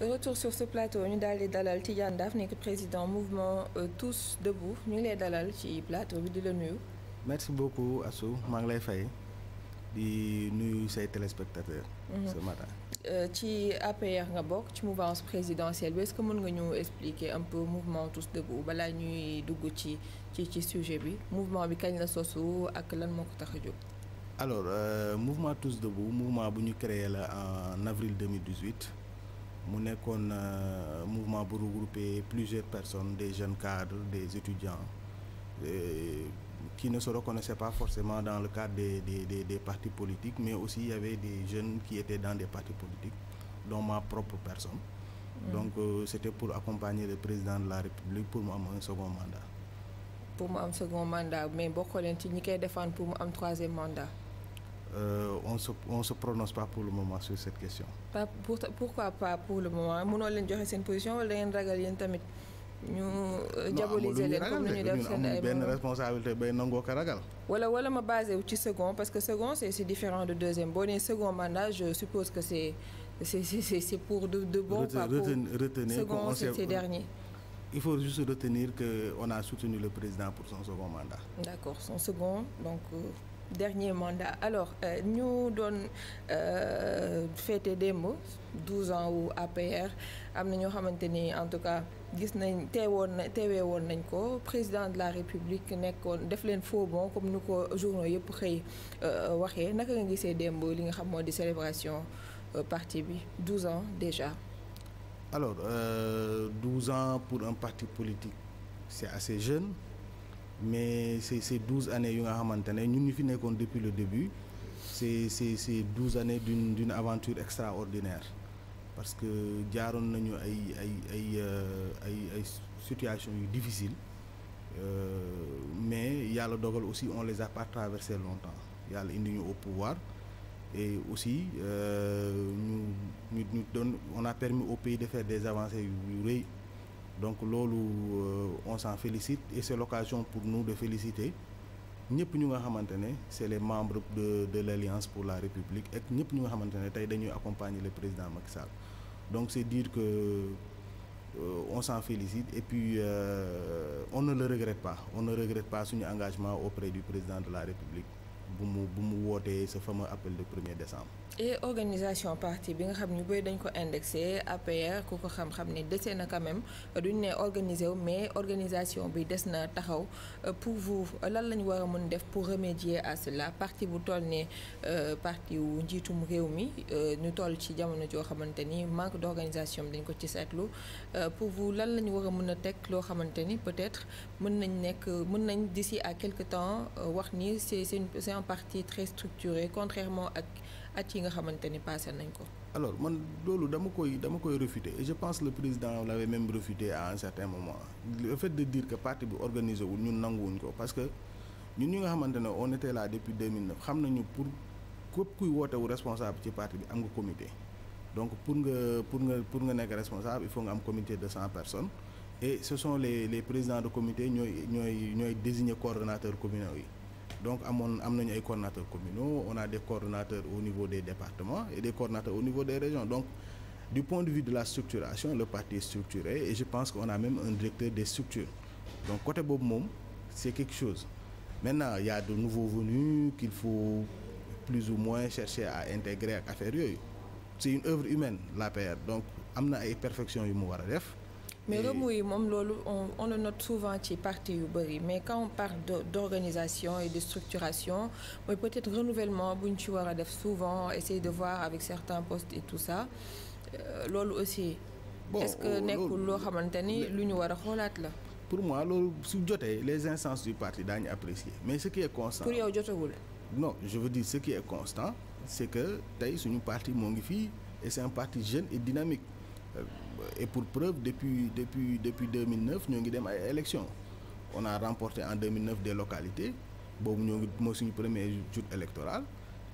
de retour sur ce plateau ñu daal di dalal Tidjane Daff nekk président mouvement euh, tous debout ñu ngi lay dalal ci plateau bi di la nuyu. merci beaucoup Assou maa ngi lay fay di nuyu say téléspectateurs. Mhm. ce matin. Euh, ci APR nga bokk ci mouvance présidentielle bi est que mën nga ñu expliquer un peu mouvement tous debout balaa ñuy dugg ci ci ci sujet bi mouvement bi kañ la sosu ak lan moo ko tax a jóg. alors euh, mouvement tous debout mouvement bu ñu créer la en avril 2018. mu nekkoon euh, mouvement bu regroupé plusieurs personnes des jeunes cadres des étudiants qui ne se reconnaissaient pas forcément dans le cadre des des des, des partis politiques mais aussi il y avait des jeunes qui étaient dans des partis politiques dont ma propre personne. Mm. donc euh, c'était pour accompagner le président de la République pour mu am un second mandat. pour mu am second mandat mais bokkoo leen ci ñi koy défendre pour mu am troisième mandat. Euh, on se on se prononce pas pour le moment sur cette question. pas pour pourquoi pas pour le moment mënoo leen joxe seen position wala da ragal yéen tamit ñu. Euh, diaboliser leen comme ma basé wu ci second parce que second c'est c'est différent de deuxième boo nee second mandat je suppose que c'est c'est pour de de bon. pas pour second c'est ces derniers. il faut juste retenir que on a soutenu le président pour son second mandat. d'accord son second donc. Euh, dernier mandat alors euh, ñu doon euh, féete démb 12 ans wu APR am na ñoo xamante ni en tout cas gis nañ teewoon na teewee woon nañ ko président de la république nekkoon def leen faux comme nu ko journaux yëpp xëy euh, waxee naka nga gisee démb li nga xam moo di célébration parti bi 12 ans déjà. alors euh, ans pour un parti politique c'est assez jeune. mais c'est ces douze années yu nga xamante ne ñun ñu fi nekkoon depuis le début c'est c'est c'est douze années d'une d'une aventure extraordinaire parce que jaaroon nañu ay ay ay euh, ay ay situation yu difficile euh, mais yàlla dogal aussi on les a pas traversé longtemps yàlla indi ñu au pouvoir aussi euh, ñu ñu ñu doon on a permis au pays de faire des avancées yu rëy donc loolu euh, on s'en félicite et c'est l'occasion pour nous de féliciter ñëpp ñu nga xamante ne c'est les membres de de l'Alliance pour la République ak ñëpp ñu nga xamante ne tey dañuy accompagner le président Macky Sall donc c'est dire que euh, on s'en félicite et puis euh, on ne le regrette pas on ne regrette pas suñu engagement auprès du président de la République bu mu bu mu wootee ce fameux appel de premier décembre. et organisation parti bi nga xam ñu bëri dañ ko indexé APR ku ko xam-xam ni dese na quand même duñ ne organisé wu mais organisation bi des na taxaw euh, pour vous lan la ñu war a mën def pour remédier à cela parti bu toll ne euh, parti wu njiitum réew mi euh, ñu toll ci jamono joo xamante ni manque d'organisation dañ ko ci seetlu pour vous lan la ñu war a mën a teg loo xamante ni peut-être mën nañ nekk mën nañ d'ici à quelque tem wax un parti très structuré contrairement ak at yi nga xamante ni passé nañ ko. alors man loolu dama koy dama koy réfuter et je pense le président l'avait même réfuté à un certain moment le fait de dire que parti bi organisé wul ñun nanguwuñ ko parce que ñun ñi nga xamante ne on était là depuis 2009 xam nañu pour képp kuy woote wu responsable ci parti bi am nga comité donc pour nga pour nga pour nga nekk responsable il faut nga am comité de cent personnes et ce sont les les présidents de comité ñooy ñooy ñooy désigner coordonnateurs communaux yi. donc amoon am nañu ay coordonnateurs communaux on a des coordonnateurs au niveau des départements et des coordonnateurs au niveau des régions donc du point de vue de la structuration le parti est et je pense qu'on a même un directeur des structures donc côté boobu moom c'est quelque chose maintenant il y a de nouveaux venus qu'il faut plus ou moins chercher à intégrer ak affaire yooyu c'est une œuvre humaine l'APR donc am na ay perfection yu mu war a def mais remous yi moom loolu on on le note souvent ci parti yu bëri mais quand on parle de d'organisation et de structuration mooy peut-être renouvellement bu ñu ci war a def souvent essayer de voir avec certains postes et tout ça euh, loolu aussi. bon est-ce que nekkul loo xamante ni lu ñu war a xoolaat la. pour moi loolu su jotee les instances du parti daañu apprécier mais ce qui est constant. pour yow jotagul. non je veux dire ce qui est constant c'est que tey suñu parti moo ngi fii et c'est parti jeune et dynamique. Euh, et pour preuve depuis depuis depuis 2009 ñoo ngi dem ay élections on a remporté en 2009 de localité boobu ñoo ngi mooy suñu premier jour électoral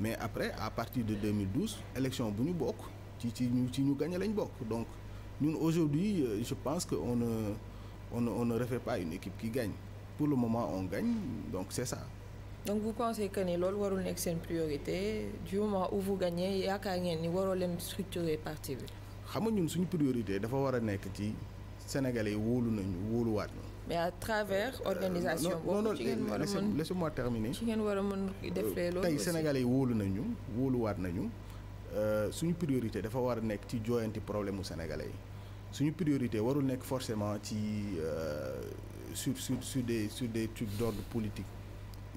mais après à partir de 2012 élection bu ñu bokk ci ci ñu ci ñu gagné lañ bokk donc ñun aujourd'hui euh, je pense que on ne on ne on ne refait pas une équipe qui gagne pour le moment on gagne donc c'est ça. donc vous pensez que ni loolu warul nekk seen priorité du moment où vous gagnez yaakaar ngeen ni waroo leen structurer parti bi. xam nga ñun suñu priorité dafa war a nekk ci sénégalais yi wóolu nañu wóoluwaat ñu. travers euh, organisation. non non laissez-moi terminer. ci war a mën euh, defee loolu tey sénégalais nañu wóoluwaat euh, suñu priorité dafa war a nekk ci jooyanti problème mu sénégalais yi suñu priorité warul nekk forcément ci sur sur sur des sur des trucs d'ordre politique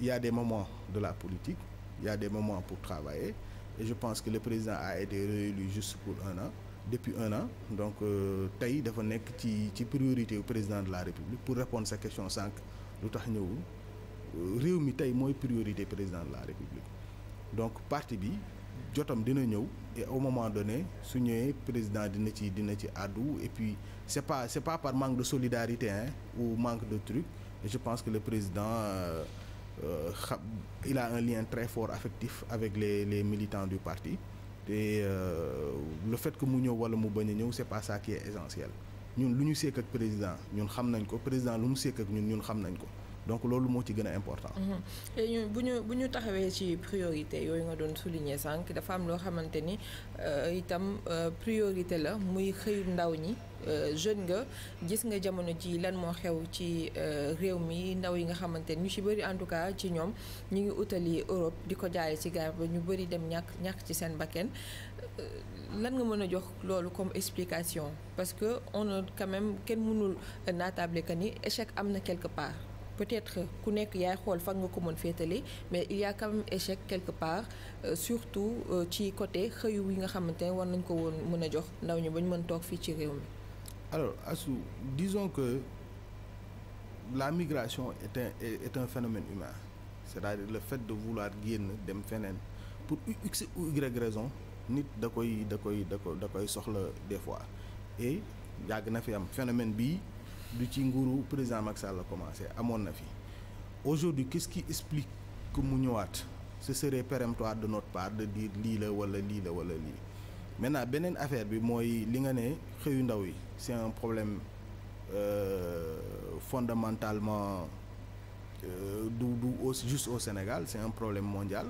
yaa y a des de la politique il y a des moments pour travailler et je pense que le président a été réélu juste pour un an. depuis un an donc euh, tey dafa nekk ci ci priorité wu président de la république pour répondre sa question sànq lu tax ñëwul euh, réew mi tey mooy priorité président de la république donc parti bi jotam dina ñëw et au moment donné su ñëwee président dina ci dina ci àddu et puis c'est pas c'est pas par manque de solidarité hein ou manque de truc je pense que le président euh, euh, il un lien très fort affectif avec les les militants du parti te euh, le fait que mu ñëw wala mu bañ a ñëw c'est pas ça qui est essentiel ñun lu ñu seek ak président ñun xam nañ ko président lu mu seek ak ñun ñun xam nañ ko donc loolu moo ci gën a important. Mm-hmm. ñu bu ñu bu ñu taxawee ci priorité yooyu nga doon souligner sànq dafa am loo xamante ni euh, itam euh, priorité la muy xëyu ndaw ñi. Euh, jeune nga gis nga jamono ji lan moo xew ci euh, réew mi ndaw yi nga xamante ñu ci bëri en tout cas ci ñoom ñu ngi utali Europe di ko jaare ci gaar ba ñu bëri dem ñàkk ñàkk ci seen bakken euh, lan nga mën a jox loolu comme explication parce que on a quand même kenn mënul naatable que ni échec am na quelque part peut-être ku nekk yaay xool fan nga ko mën féetale mais il y a échec quelque part surtout ci côté xëyu yi nga xamante ne war nañ ko woon mën a jox ndaw ñi ba mën toog fii ci réew mi alors Assou disons que la migration est un est un phénomène humain c'est-à-dire le fait de vouloir génn dem feneen pour x ou y raison nit da koy da koy da koy da koy soxla des fois et yàgg na fi am phénomène bi du ci nguuru président Macky la commencé amoon na fi aujourd'hui qu'est-ce qui explique que mu ñëwaat ce serait péremptoire de notre part de dire lii la wala lii la wala lii maintenant beneen affaire bi mooy li nga ne xëyu ndaw yi c'est un problème euh, fondamentalement euh, du du au juste au Sénégal c'est un problème mondial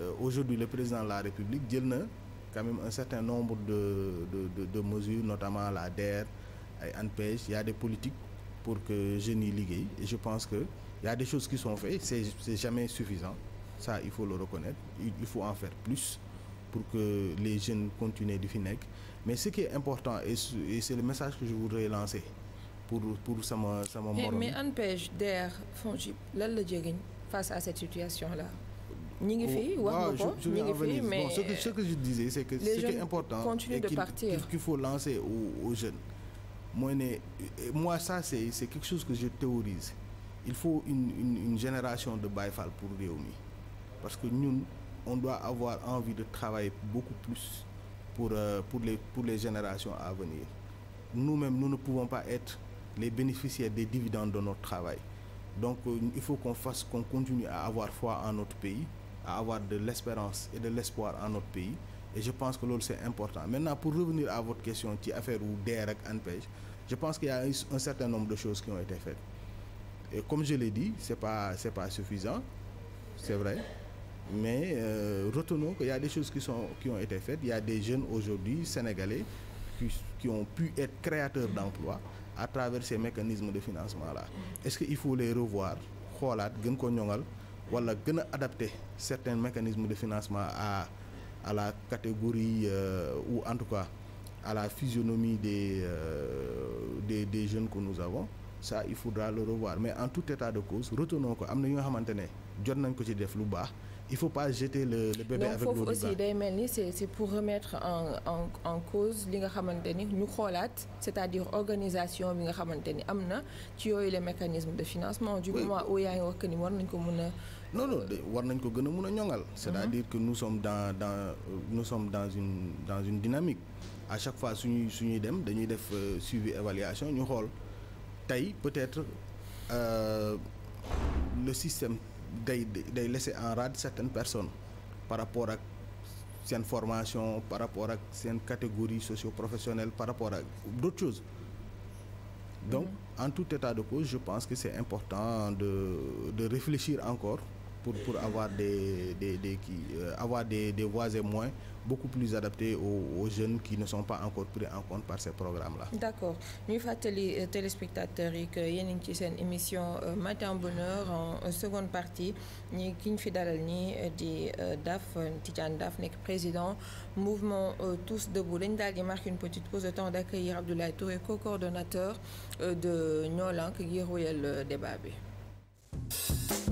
euh, aujourd'hui le président de la République jël na quand même un certain nombre de de de, de mesures notamment la DER ay ANPEJ y a des politiques pour que jeunes yi liggéey et je pense que y a des choses qui sont faites c'est c'est jamais suffisant ça il faut le reconnaître il faut en faire plus pour que les jeunes continuent di fi nekk mais ce qui est important et c'est le message que je voudrais lancer pour pour sama sama morom mais ANPEJ DER FONGIP lan la jëriñ face à cette situation là. ñi ngi fi oh, wax nga ko ñi mais ce que ce que je disais c'est que ce qui est important et qu'il qu faut lancer aux, jeunes mooy ne moi ça c'est c'est quelque chose que je théorise il faut une une une génération de Baye Fall pour réew mi parce que ñun on doit avoir envie de travailler beaucoup plus pour, euh, pour, les, pour les générations à venir. Nous-mêmes, nous ne pouvons pas être les bénéficiaires des dividendes de notre travail. Donc euh, il faut qu'on fasse, qu'on continue à avoir foi en notre pays, à avoir de l'espérance et de l'espoir en notre pays. Et je pense que l'autre c'est important. Maintenant, pour revenir à votre question, qui affaire ou DR ANPEJ, je pense qu'il y a un certain nombre de choses qui ont été faites. Et comme je l'ai dit, ce n'est pas, suffisant, c'est vrai. mais euh, retenons qu'il y a des choses qui ont été faites il des jeunes aujourd'hui sénégalais qui qui ont pu être créateurs d'emplois à travers ces mécanismes de financement la est-ce qu'il faut les revoir xoolaat gën ko ñoŋal wala gën a adapter certains mécanismes de financement à à la catégorie euh, ou en tout cas à la physionomie des euh, des des jeunes que nous avons ça il faut le revoir mais en tout état de cause retenons ko am na ñu nga xamante ne jot nañ ko ci def lu baax il faut pas jeter le le bébé avec l'eau du bain foofu aussi day mel ni c'est c'est pour remettre en en en cause li nga xamante ni ñu xoolaat c'est-à-dire organisation bi nga xamante ni am na ci yooyu les mécanisme de financement. du moment où yaa ngi wax que ni war nañ ko mën a. war nañ ko gën a mën a ñoŋal. Mhm. c'est-à-dire que nous sommes dans dans nous sommes dans une dans une dynamique à chaque fois suñuy suñuy dem dañuy def euh, suivi évaluation ñu xool. tey peut-être euh, le système day day laisser en rade certaines personnes par rapport ak seen formation par rapport ak seen catégorie socio-professionnelle par rapport ak d'autres choses donc mm-hmm. en tout état de cause je pense que c'est important de de réfléchir encore pour pour avoir des des des qui euh, avoir des des voies et moyens beaucoup plus adaptés aux, aux jeunes qui ne sont pas encore pris en compte par ces programmes là. d' accord ñuy fàttali euh, téléspectateurs yi que yéen a ngi ci seen émission euh, matin bonheur en euh, seconde partie ñi ki ñu fi dalal nii di Daf Tidiane Daf nekk président mouvement tous debout dañ daal di marquer une petite pause de temps d' accueillir Abdoulaye Touré co de niolank Lank ngir débat bi.